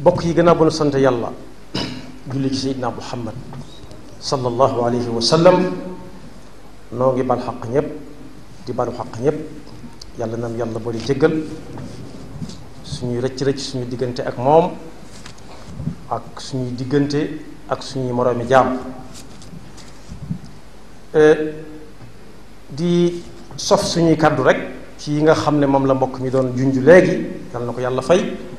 bokk yi gannaaw ba nu sant yàlla julli ci seydina muhammad sallallahu alayhi wa sallam noo ngi bal xaq ñëpp di balu xaq ñëpp yàlla nam yàlla bari jéggal suñuy rëcc-rëcc suñu diggante ak moom ak suñuy diggante ak suñuy moroomi jaam e, di sof suñuy kàddu rek ci yi nga xam ne moom la mbokk mi doon junj léegi yàlla na ko yàlla fay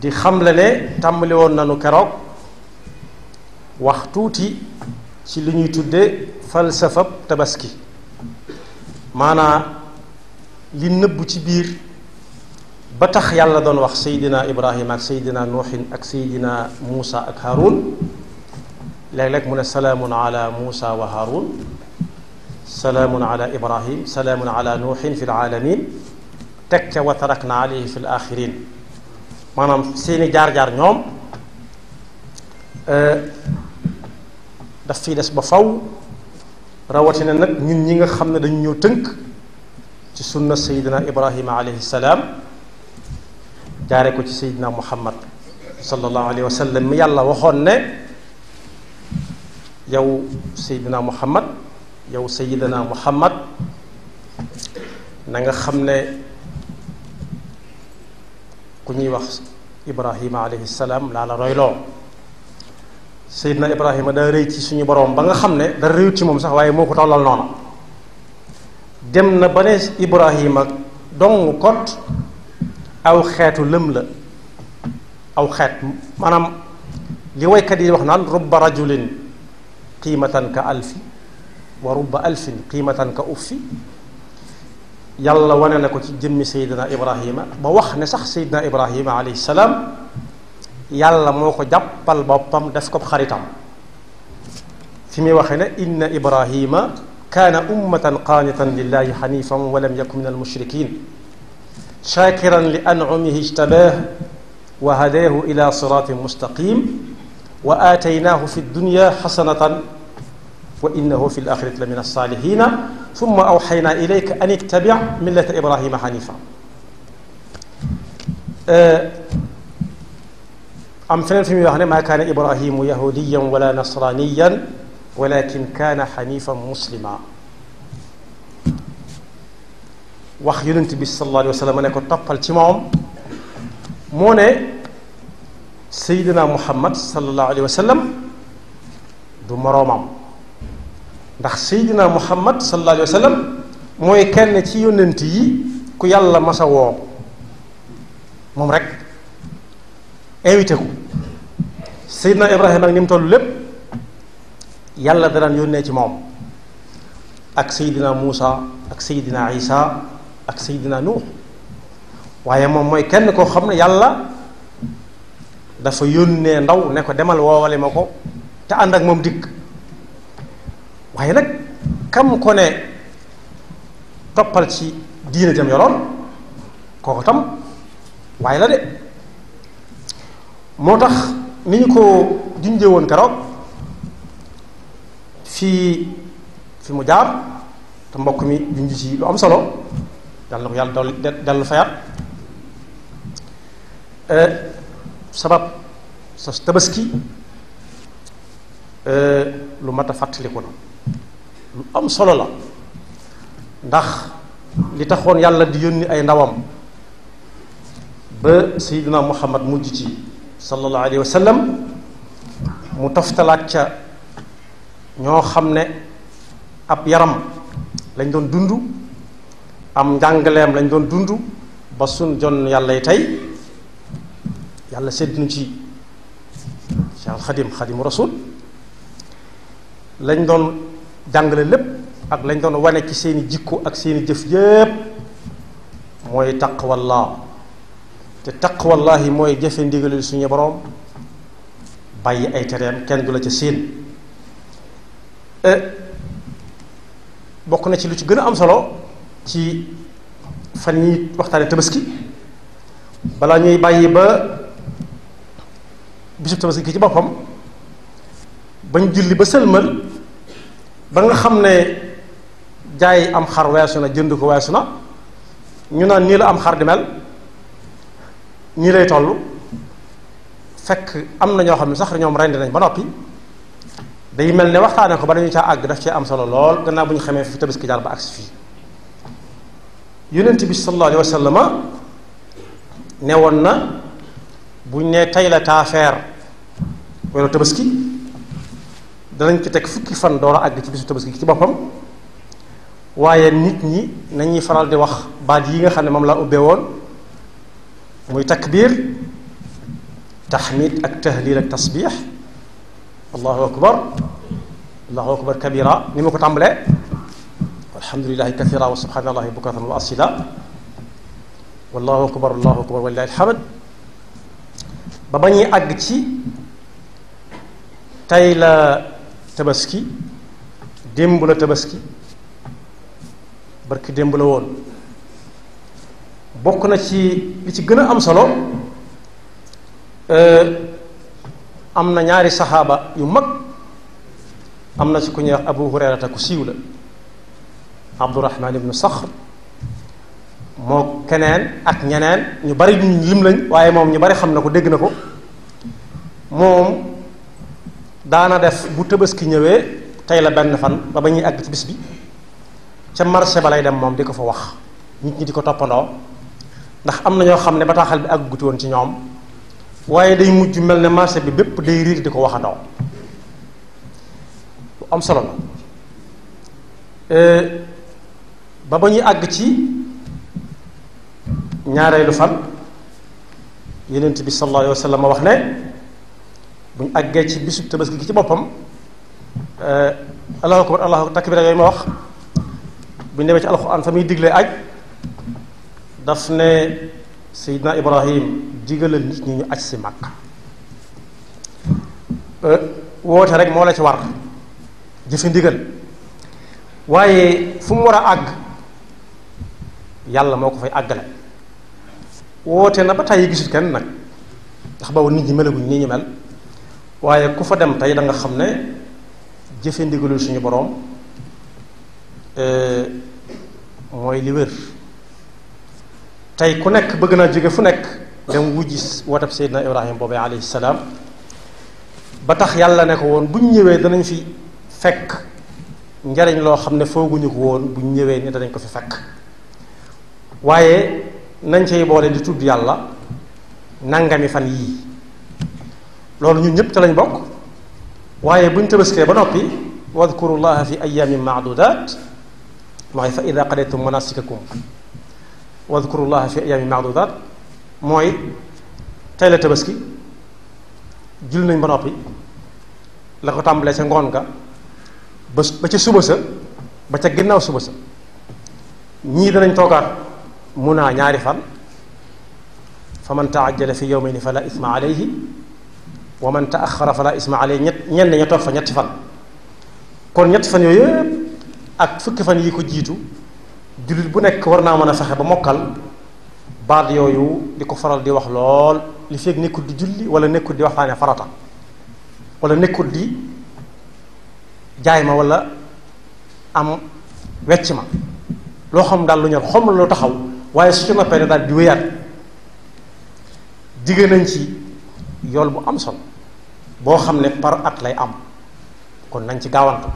di xamle ne tàmbali woon nañu keroog wax tuuti ci li ñuy tudde falsafab tabaski maanaa li nëbb ci biir ba tax yàlla doon wax seydina ibrahima ak seydina nuuxin ak seydina muusa ak haarun léeg-léeg mu ne salaamun ala muusa wa haarun salaamun ala ibrahim salaamun ala nuuxin fi l aalamin teg ca wa tarakna alayhi fi l maanaam seeni jaar-jaar ñoom euh, daf fiy des ba faw rawatina nag ñun ñi nga xam ne dañu ñëw tënk ci sunna sayidina ibrahima alayhi salaam jaare ko ci sayidina muhammad sallallahu alayhi wa sallam mi yàlla waxoon ne yow sayidina muhammad yow sayidina muhammad na nga xam ne ku ñuy wax ibrahima alayhi salaam laa la royloo seydina ibrahima daa rëy ci suñu borom ba nga xam ne da rëyut ci moom sax waaye moo ko tollal noonu dem na ba ne ibrahima dong kot aw xeetu lëm la aw xeet maanaam li waykat yi wax naan rubba rajulin qiimatan ka alfi wa rubba alfin qiimatan ka uffi yàlla wane na ko ci jëmmi Seydina Ibrahima ba wax ne sax Seydina Ibrahima alayhi salaam yàlla moo ko jàppal boppam def ko xaritam fi muy waxee ne inna Ibrahima kaana ummatan qaanitan lillahi xanifan wa lam yakun min almushrikin shakiran li an'umihi ijtabaah wa hadaahu ila siraatin mustaqim wa aataynaahu fi dunya xasanatan wa innahu fi alaxirati la min alsaalihina summa awxaynaa ilayka an ittabic millata ibrahima xanifa am feneen fi muy wax ne maa kaana ibrahimu yahudiyan wala nasraniyan walakin kaana xanifan muslima wax yonent bi sallallahu alayhi wa sallam ne ko toppal ci moom moo ne sayidina muhammad sallallahu alayhi wa sallam du moroomam ndax seydina muhammad sallallahu alayhi wa sallam mooy kenn ci yónnent yi ku yàlla masa woo moom rek invité ku seydina ibrahima ak ni mu toll lépp yàlla da yónnee ci moom ak seydina muusa ak seydina isa ak seydina nuux waaye moom mooy kenn koo xam ne yàlla dafa yónnee ndaw ne ko demal woowale ma ko te ànd ak moom dikk waaye nag kam ko ne toppal ci diina jëm yoroon kooku tam waaye la de moo tax ni ñu ko junjee woon keroog fii fi mu jaar te mbokk mi junj ci lu am solo yàlla na ko yàlla dolli dellu fayaat euh, sabab sa tabaski euh, lu mat a fàttaliku na lu am solo la ndax li taxoon yàlla di yónni ay ndawam ba sayyidina muhammad mujj ci sallallahu alayhi mu toftalaat ca ñoo xam ne ab yaram lañ doon dundu am njàngaleem lañ doon dundu ba suñ jon yàlla tey yàlla séddinu ci Cheikh al Xadimu Rasul lañ doon jàngale lépp ak lañ doon wane ci seeni jikko ak seeni jëf yépp mooy taqwallaa te yi mooy jëfe ndigalil suñu boroom bàyyi ay tereem kenn du la ci séen eh, bokk na ci lu ci gën a am solo ci fan yi waxtaane tabaski balaa ñuy bàyyi ba bisub tabaski ki ci boppam bañ julli ba sëlmal ba nga xam ne jaay am xar weesu na jënd ko weesu na ñu naan nii la am xar di mel nii lay toll fekk am na ñoo xam ne sax ñoom rend nañ ba noppi day mel ne waxtaane ko ba dañu caa àgg daf cee am solo lool gannaaw bu ñu xamee fi tabaski jaar ba agsi fii yonent bi sallallahu alayhi wa sallama ne woon na buñ ne tey la taafeer wala tabaski danañ ci teg fukki fan door a àgg ci bisu tabaski ci boppam waaye nit ñi nañuy faral di wax baat yi nga xam ne moom laa ubbee woon muy takbiir taxmid ak tahlil ak tasbiix allahu akbar allahu akbar kabira ni ma ko tàmbalee alhamdulilahi kathira wa subhanallahi bukratan wa asila wallahu akbar allahu akbar walilahi alhamd ba ba ñuy àgg ci tey la tabaski démb la tabaski barki démb la woon bokk na ci li ci gën a am solo euh, am na ñaari saxaaba yu mag am na ci ku ñuy wax abu hurayrata ku siiw la abdurahmaan ibnu saxr moo keneen ak ñeneen ñu bari lim lañ waaye moom ñu bari xam na ko dégg na ko moom daana def bu tabaski ñëwee tey la benn fan ba ba ñuy àgg ci bis bi ca marché ba lay dem moom di ko fa wax nit ñi di ko toppandoo ndax am na ñoo xam ne bataaxal bi àgguti woon ci ñoom waaye day mujj mel ne marché bi bépp day riir di ko waxandoo lu am solo na ba ba ñuy àgg ci ñaareelu fan yenent bi sallallahu alayhi wa sallam wax ne bu ñu àggee ci bisu tabaski gi ci boppam eh, allahu akbar allahu takbira yooyu ma wax bu ñu demee ci alxuraan fa muy digle aj daf ne seydina ibrahim digalal nit ñi ñu aj si màkk eh, woote rek moo la ci war jëfi ndigal waaye fu mu war a àgg yàlla moo ko fay àggale woote na ba tàyyi gisut kenn nag ndax boobu nit ñi melaguñ nii ñu mel waaye ku fa dem tey da nga xam ne jëfe ndigalul suñu boroom eh, mooy li tey ku nekk bëgg naa jóge fu nekk dem wujji watab Seydina Ibrahima boobee alayhi salaam ba tax yàlla ne ko woon bu ñëwee danañ fi fekk njariñ loo xam ne fooguñu ko woon buñ ñëwee ni danañ ko fi fekk waaye nañ cay boole di tudd yàlla nangami fan yii loolu ñun ñëpp ca lañ bokk waaye buñ tabaskee ba noppi wadkuru llaha fi ayaamin maadudat waaye fa ida qadaytum manasikakum wadkuru llaha fi ayaamin maadudat mooy tey la tabaski jul nañ ba noppi la ko tàmbalee sa ngoon ga ba ba ca suba sa ba ca ginnaaw suba sa ñii danañ toogaat mun naa ñaari fan fa man taajala fi yawmayni fala isma alayhi wa man taaxara fala isma alay ñett ñenn ña toog fa ñetti fan kon ñetti fan yooyu yëpp ak fukki fan yi ko jiitu jullit bu nekk war naa mën a fexe ba mokkal baat yooyu di ko faral di wax lool li feeg nekkut di julli wala nekkul di wax waxtaane farata wala nekkul di jaay ma walla am wecc ma loo xam daal lu ñor xom lu taxaw waaye su ci noppee daal di wéyaat digg nañ ci yool bu am sol boo xam ne par ak lay am kon nañ ci gaawantu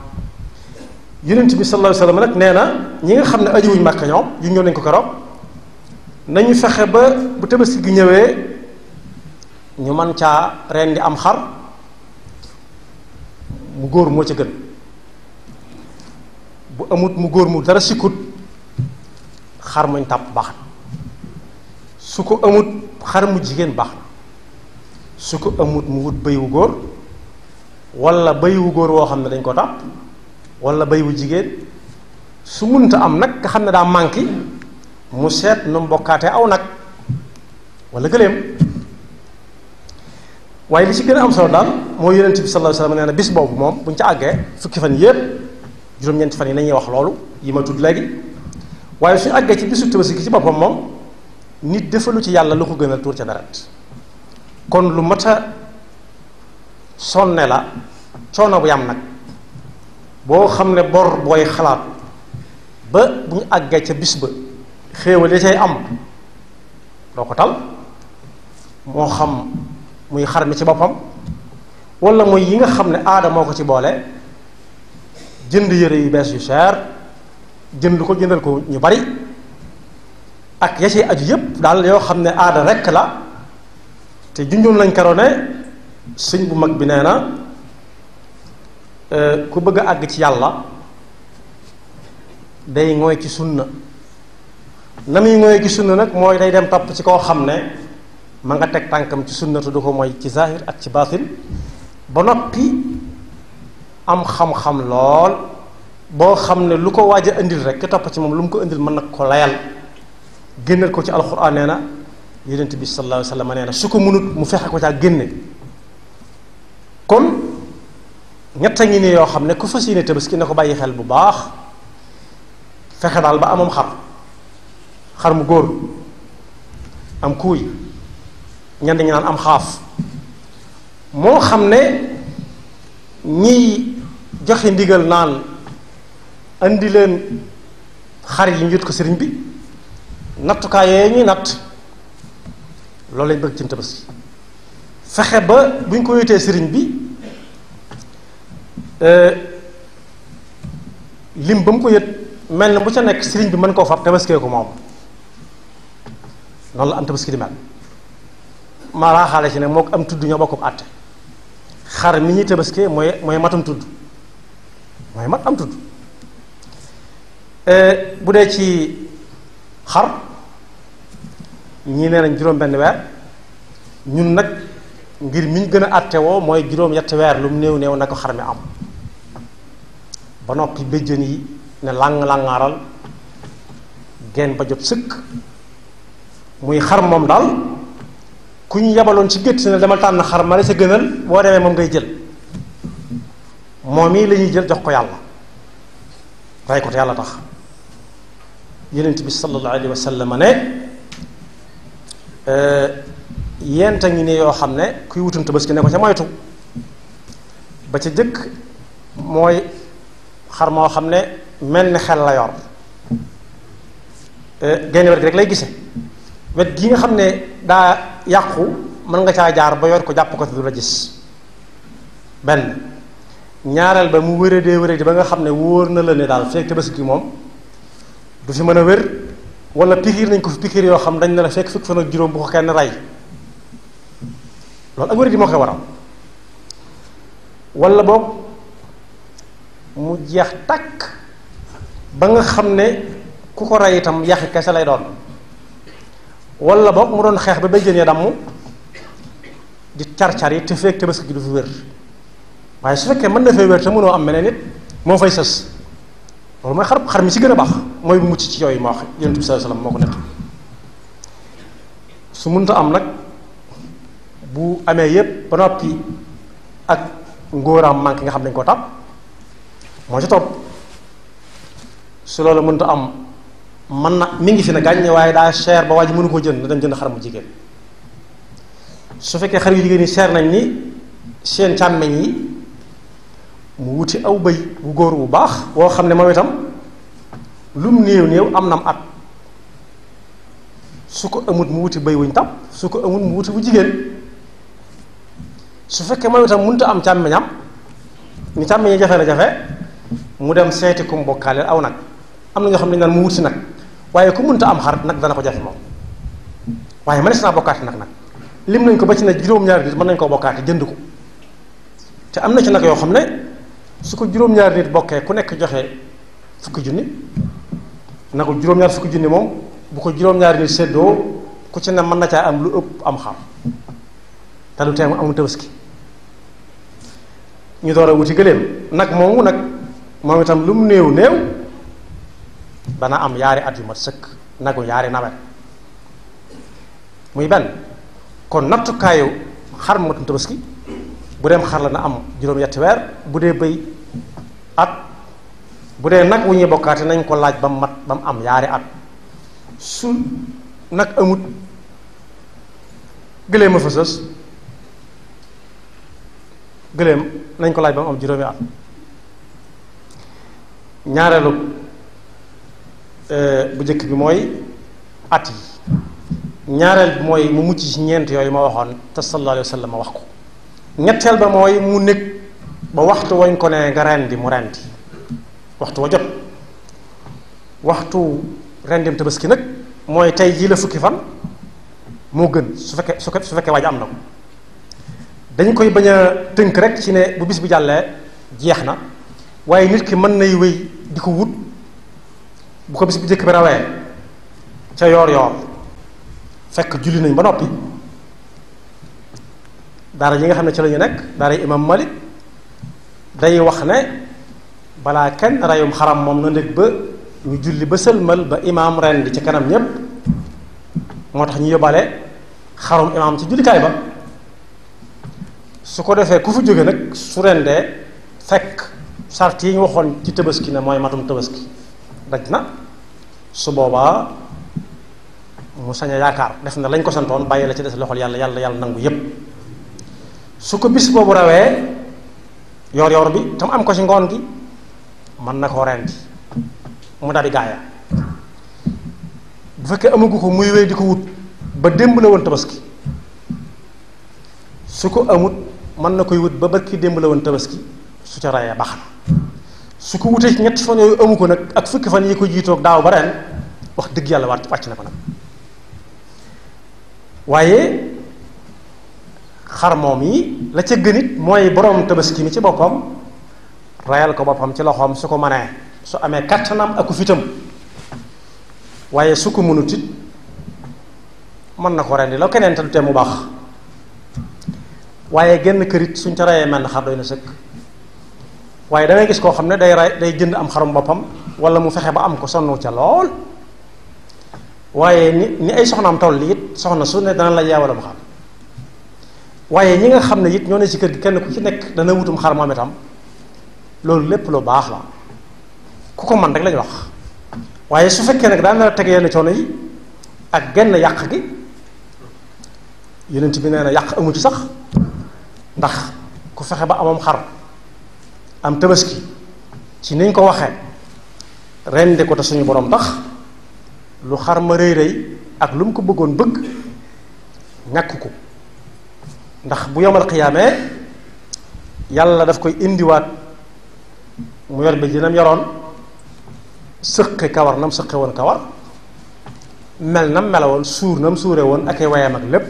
yonent bi sallallahu alayhi wa sallam nee na ñi nga xam ne aji wuñ màkk ñoom yu ñëw nañ ko keroog nañu fexe ba bu tabaski gi ñëwee ñu man caa rendi am xar mu góor moo ca gën bu amut mu góor mu dara sikkut xar muñ tàpp baax na su ko amut xar mu jigéen baax na su ko amut mu wut bëy wu góor wala bëy wu góor woo xam ne dañ ko tàpp wala bëy wu jigéen su munta am nag nga xam ne daa manqué mu seet nu mbokkaate aw nag wala gëléem waaye li ci gën a am solo daal moo yeneenti bi sallallahu alayhi nee na bis boobu moom bu ci àggee fukki fan yépp juróom-ñeenti fan yi nañuy wax loolu yi ma tudd léegi waaye suñu àggee ci bisu Tabaski ci boppam moom nit defalu ci yàlla lu ko gënal tuur ca deret kon lu mat a sonne la coono bu yam nag boo xam ne bor booy xalaat ba bu ñu àggee ca bis ba xéewal yi cay am doo ko tal moo xam muy xar mi ci boppam wala mooy yi nga xam ne aada moo ko ci boole jënd yére yu bees yu cher jënd ko jëndal ko ñu bari ak ya ciy aju yépp daal yoo xam ne aada rekk la te junjoon lañ karo ne sëñ bu mag bi nee na euh, ku bëgg a àgg ci yàlla day ngooy ci sunna na muy ngooy ci sunna nag mooy day dem topp ci koo xam ne ma nga teg tànkam ci sunna du ko mooy ci zahir ak ci baatin ba noppi am xam-xam lool boo xam ne lu ko waaj indil rek ki topp ci moom lu mu ko indil mën nag ko layal génnal ko ci alxuraan nee na yonent bi sallallahu alayhi wa sallam nee na su ko mënut mu fexe ko ca génne kon ñett a ngi nii yoo xam ne ku fas yéene ki na ko bàyyi xel bu baax fexe daal ba amam xar xar mu góor am kuuy ñenn ñi naan am xaaf moo xam ne ñiy joxe ndigal naan andi leen xar yi ñu yët ko sëriñ bi nattukaay yooyu ñuy natt. loolu lañ bëgg ci tabaski fexe ba bu ñu ko wéetee sëriñ bi euh, lim ba mu ko yët mel na bu ca nekk sëriñ bi mën koo fab tabaskee ko moom noonu la am tabaski di mel maa raaxaale ci ne moo ko am tudd ñoo bokk àtte xar mi ñuy tabaskee mooy mooy matum tudd mooy mat am tudd euh, bu dee ci xar ñii nee nañ juróom-benn weer ñun nag ngir miñ gën a àttewoo mooy juróom-ñetti weer lu néew neew na ko xar mi am ba noppi béjjën yi ne làng gen genn ba jot sëkk muy xar moom daal ku ñu yabaloon ci gétt dama tànn xar ma la sa gënal boo demee moom ngay jël moom yi lañuy jël jox ko yàlla rey ko te yàlla tax yonent bi sallallahu alayhi wa sallam ne Euh, yenta ngi ne yoo xam ne kuy wutum tabaski ne ko ca moytu ba ca jëkk mooy xar moo xam ne mel ni xel la yor euh, genn wet gi rek lay gise wet gi nga xam ne daa yàqu mën nga caa jaar ba yor ko jàpp ko te du la gis benn ñaareel ba mu wéradee wéradee ba nga xam ne wóor na la ne daal fekk tabaski moom du fi mën a wér wala pikiir nañ ko fi pikiir yoo xam dañ ne la fekk fukk fan ak juróom bu ko kenn rey loolu ak wér di moo koy waral wala boog mu jeex takk ba nga xam ne ku ko rey itam yaxi kese lay doon wala boog mu doon xeex ba béjjën ya damm di car-car yi te fekk tabaski gi du fi wér waaye su fekkee mën na fay wér te mënoo am meneen nit moo fay sës loolu mooy xar xar mi si gën a baax mooy bu mucc ci yooyu ma wax yonent bi sallallahu alayhi wasallam moo mënta am nag bu amee yépp ba ak ngóoraam manqué nga xam dañ koo tàpp moo ci topp su loolu am man na mi ngi fi ne gàññe waaye daa cher ba waa ji mënu koo jën na dem jënd xar mu jigéen su fekkee xar yu jigéen yi seer nañ ni seen càmmeñ yi mu wuti aw bëy bu góor bu baax woo xam ne moom itam lum néew néew am nam at su ko amut mu wuti bëy wuñ tàpp su ko amut mu wuti jigéen su fekkee moom itam mënut a am càmmiñam ni càmmiñi jafe la jafe mu dem seeti kum bokkaaleel aw nag am na ñoo xam ne naan mu wuti nag waaye ku mun ta am xar nag dana ko jafe moom waaye mënees naa bokkaati nag nag lim nañ ko ba ci ne juróom-ñaari nit mën nañ koo bokkaati jënd ko te am na ci nag yoo xam ne su ko juróom-ñaari nit bokkee ku nekk joxe fukki junni nagu juróom-ñaar fukki junni moom bu ko juróom-ñaari nit séddoo ku ci ne mën na caa am lu ëpp am xam te lu tee ñu door a wuti gëléem nag moomu nag moom itam lu mu néew néew dana am yaari at yu mat sëkk nagu yaari nawet muy benn kon nattukaayu xar mu matum bu dee xar la na am juróom-ñetti bu dee bëy at bu dee nag wu ñuy bokkaate nañ ko laaj ba mu mat ba mu am yaari at su nag amut gëléem a fa ko laaj ba mu am juróomi at ñaareelu e, bu jëkk bi mooy at yi ñaareel bi mooy mu mucc ci ñeent yooyu ma waxoon te sallallahu alayhi wa sallam ma wax ko ñetteel ba mooy mu nekk ba waxtu wañ ko ne nga rendi mu rendi waxtu wa jot waxtu rendim tabaski nag mooy tey jii la fukki fan moo gën su fekkee su su fekkee waaj am na ko dañ koy bañ a tënk rek ci ne bu bis bi jàllee jeex na waaye nit ki mën nay wéy di ko wut bu ko bis bu jëkk bi rawee ca yoor yoor fekk julli nañ ba noppi daara ji nga xam ne ci la ñu nekk daara imam Malik day wax ne balaa kenn rayum xaram moom na ndég ba ñu julli ba sëlmal ba imaam ren di ci kanam ñépp moo tax ñu yóbbaale xarum imaam ci jullikaay ba su ko defee ku fi jóge nag su rendee fekk sart yi ñu waxoon ci tabaski ne mooy matum tabaski daj na su boobaa mu sañ yaakaar def na lañ ko santoon bàyyi la ci des loxol yàlla yàlla yàlla nangu yépp su ko bis boobu rawee yor yor bi tam am ko ci ngoon gi mën na koo rendi mu daal di gaaya bu fekkee amagu ko muy wéy di ko wut ba démb la woon tabaski su ko amut mën na koy wut ba barki démb la woon tabaski su ca rawee baax na su ko wutee ci ñetti fan yooyu amu ko nag ak fukki fan yi ko jiitoog daaw ba ren wax dëgg yàlla wàcc na ko nag waaye xar moom yi la ca gën it mooy borom tabaski mi ci boppam rayal ko boppam ci loxoom su ko mënee su amee kattanam ak ku fitam waaye su ko mënut it mën na ko rendi la keneen te mu baax waaye genn kërit suñ ca rayee mel na xar doy na sëkk waaye da gis koo xam ne day ray day jënd am xarum boppam wala mu fexe ba am ko sonnu ca lool waaye ni ni ay soxnaam toll it soxna su ne dana la yeewala bu xam waaye ñi nga xam ne it ñoo ne si kër gi kenn ku ci nekk dana wutum xar moom itam loolu lépp lu baax la ku ko man rek lañu wax waaye su fekkee nag daan na teg yenn coono yi ak genn yàq gi yonent bi nee na yàq amu ci sax ndax ku fexe ba amoom xar am tabaski ci niñ ko waxee rendi ko te suñu borom tax lu xar ma rëy rëy ak lu mu ko bëggoon bëgg ñàkk ko ndax bu yomal xiyaamee yàlla daf koy indiwaat mu yor bi jinam yoroon sëqi kawar nam sëqe woon kawar mel nam mela suur nam suure woon ak ay ak lépp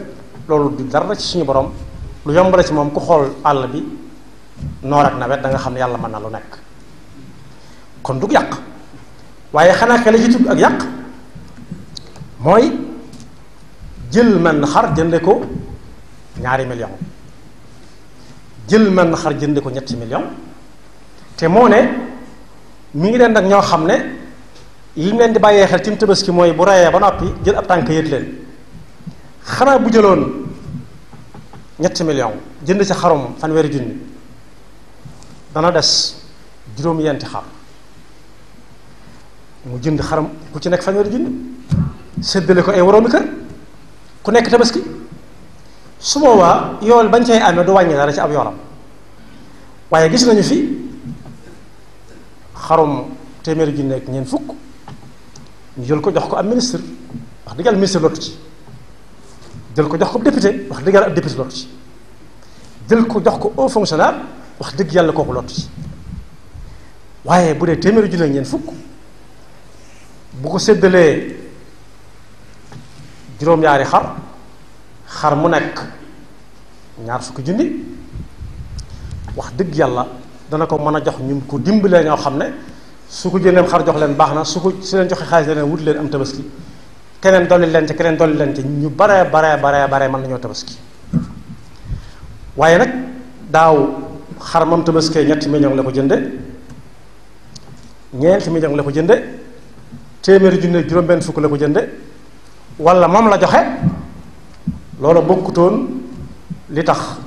loolu du dara ci suñu boroom lu yomb la ci moom ku xool àll bi noor ak nawet da nga xam ne yàlla mën na lu nekk kon du yàq waaye xanaa kay ci tudd ak yàq mooy jël man xar jënde ko ñaari million jël man xar jënd ko ñetti million te moo ne mi ngi leen nag ñoo xam ne li leen di bàyyee xel ci mu tabaski mooy bu rayee ba noppi jël ab tànk yët leen xanaa bu jëloon ñetti million jënd si xarum fanweeri junni dana des juróom-yenti xar mu jënd xaram ku ci nekk fanweeri junni séddale ko ay waroomi kër ku nekk tabaski su boobaa yool bañ cay amee du wàññi dara ci ab yoolam waaye gis nañu fi xarum téeméeri gi nekk ñeent fukk ñu jël ko jox ko ab ministre wax dëgg yàlla ministre lottu ci jël ko jox ko député wax dëgg yàlla ab député jël ko jox ko haut fonctionnaire wax dëgg yàlla kooku lottu ci waaye bu dee téeméeri junne ñeent fukk bu ko séddalee juróom-ñaari xar xar mu nekk ñaar fukki junni wax dëgg yàlla dana ko mën a jox ñu ko dimbalee ñoo xam ne su ko jëndeem xar jox leen baax na su su leen joxe xaalis ne wut leen am tabaski keneen dolli leen ci keneen dolli leen ci ñu baree bare baree baree mën na nañoo tabaski waaye nag daaw xar mam tabaskee ñetti million la ko jënde ñeenti million la ko jënde téeméeri junne juróom-benn fukk la ko jënde walla moom la joxe loola bokkutoon li tax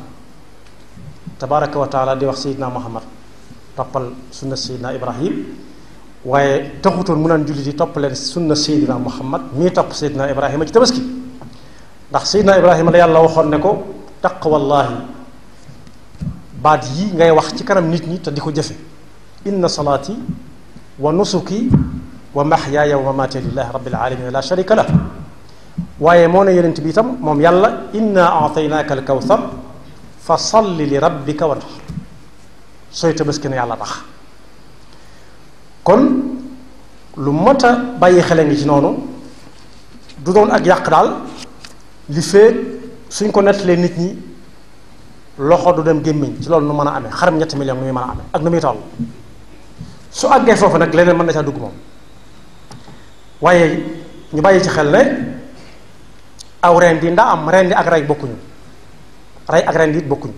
tabaraka wa taala di wax sayidna muhammad toppal sunna sayidna ibrahim waaye taxutoon mu naan jullit yi topp leen sunna sayidna muhammad mii topp sayidna ibrahima ci tabaski ndax sayidna ibrahima la yàlla waxoon ne ko taqwallahi baat yi ngay wax ci kanam nit ñi ta di ko jëfe inna salaati wa nusuki wa mahyaaya wa mamaati lillahi rabbil alamin la sharika lah waaye moo ne yonent bi itam moom yàlla inna ataynaaka al kawsar fa salli li rabbika wanhar sooy tabaski na yàlla tax kon lu mot bàyyi xele ngi ci noonu du doon ak yàq daal li fee suñ ko nettalee nit ñi loxo du dem gémmiñ ci loolu nu mën a amee xaram ñetti million nu muy mën a amee ak nu muy toll su àggee foofu nag leneen mën na caa dugg moom waaye ñu bàyyi ci xel ne aw ren di ndax am ren di ak rey bokkuñu rey ak ren di it bokkuñu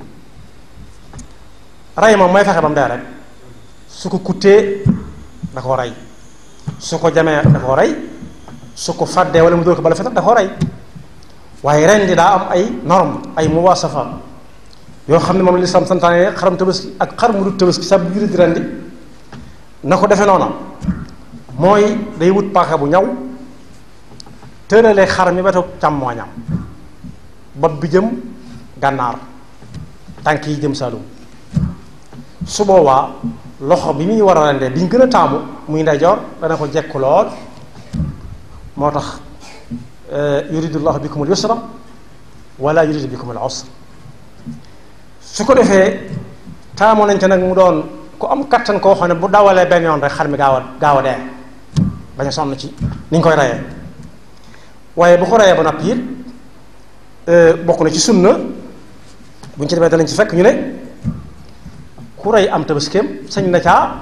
rey moom mooy fexe ba mu dee rek su ko kuttee da koo rey su ko jamee da koo rey su ko fàddee wala mu dóor ko bala fetal da ko rey waaye ren di daa am ay norme ay muwasafa yoo xam ne moom lislaam santaane xaram tabaski ak xar mu dul tabaski sa biir di rendi na ko defe noona mooy day wut paaka bu ñaw tërale xar mi wetu càmmooñam bopp bi jëm gànnaar tànk yi jëm Saalum su boobaa loxo bi muy war a rende bi ñu gën a taamu muy ndeyjoor dana ko jekk lool moo tax euh, yuridu llahu bikum al yusra wala yuridu bikum al su ko defee taamu nañ ca nag mu doon ku am kattan koo xam ne bu dawalee benn yoon rek xar mi gaaw gaaw a dee bañ a sonn ci ni koy reyee waaye bu ko rayee ba noppi it euh, bokk na ci sunna bu ñu ci demee danañ ci fekk ñu ne ku rey am tabaskeem sañ na caa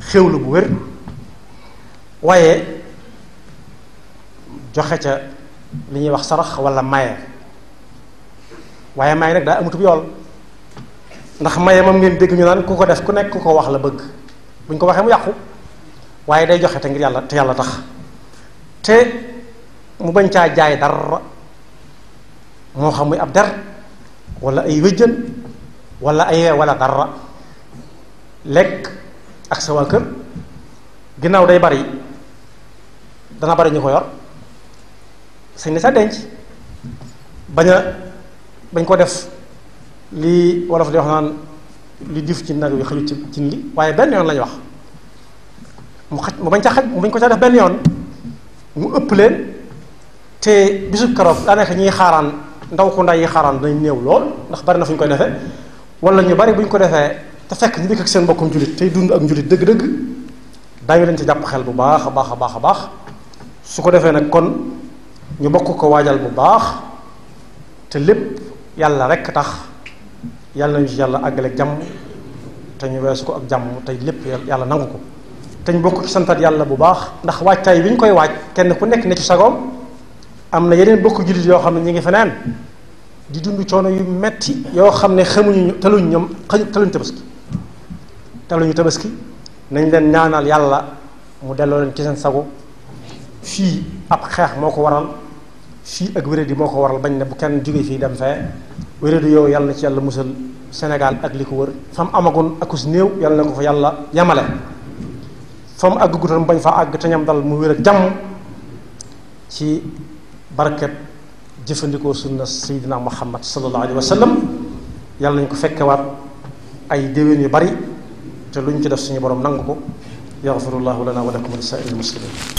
xéwlu bu wér waaye joxe ca li ñuy wax sarax walla maye waaye maye nag daa amutub yool ndax maye moom ngeen dégg ñu naan ku ko def ku nekk ku ko wax la bëgg buñ ñu ko waxee mu yàqu waaye day joxe te ngir yàlla te yàlla tax mu bañ caa jaay dara moo xam muy ab der walla ay wëjjën walla ay wala dara lekk ak sa waa kër ginnaaw day bari dana bari ñu ko yor sañ ni sa denc bañ bañ ko def lii wolof di wax naan li diif ci nag wi xëju ci cin li waaye benn yoon lañu wax mu xaj mu bañ ca xaj mu bañ ko ca def benn yoon mu ëpp leen te bisu keroog daanaka ñiy xaaraan ndaw ku nday yi xaaraan dañ néew lool ndax bari na fu ñu koy defee wala ñu bari bu ñu ko defee te fekk ñu dëkk ak seen mbokkum jullit tey dund ak njullit dëgg-dëgg daañu leen ci jàpp xel bu baax a baax a baax a baax su ko defee nag kon ñu bokk ko waajal bu baax te lépp yàlla rekk tax yàlla nañu ci yàlla àggaleeg jàmm te ñu weesu ko ak jàmm tey lépp yàlla nangu ko te ñu bokk ci santat yàlla bu baax ndax waajtaay bi ñu koy waaj kenn ku nekk ne ci sagoom am na yeneen bokk jullit yoo xam ne ñu ngi feneen di dund coono yu metti yoo xam ne xamuñu taluñ ñoom taluñ tabaski taluñu tabaski nañ leen ñaanal yàlla mu delloo leen ci seen sago fii ab xeex moo ko waral fii ak wéradi moo ko waral bañ ne bu kenn jógee fii dem fee wéradi yow yàlla na ci yàlla musal Sénégal ak li ko wër fam amagoon akus néew yàlla na ko fa yàlla yamale fam àgg gutoon bañ fa àgg te ñam dal mu wér jàmm ci barkat jëfandikoo sunna seydina muhammad sallallahu alayhi wa sallam yàlla nañ ko fekkewaat ay déwén yu bari te lu ñu ci def suñu borom nangu ko yaxfirullahu lana wa lakum wa lisaa'iril muslimin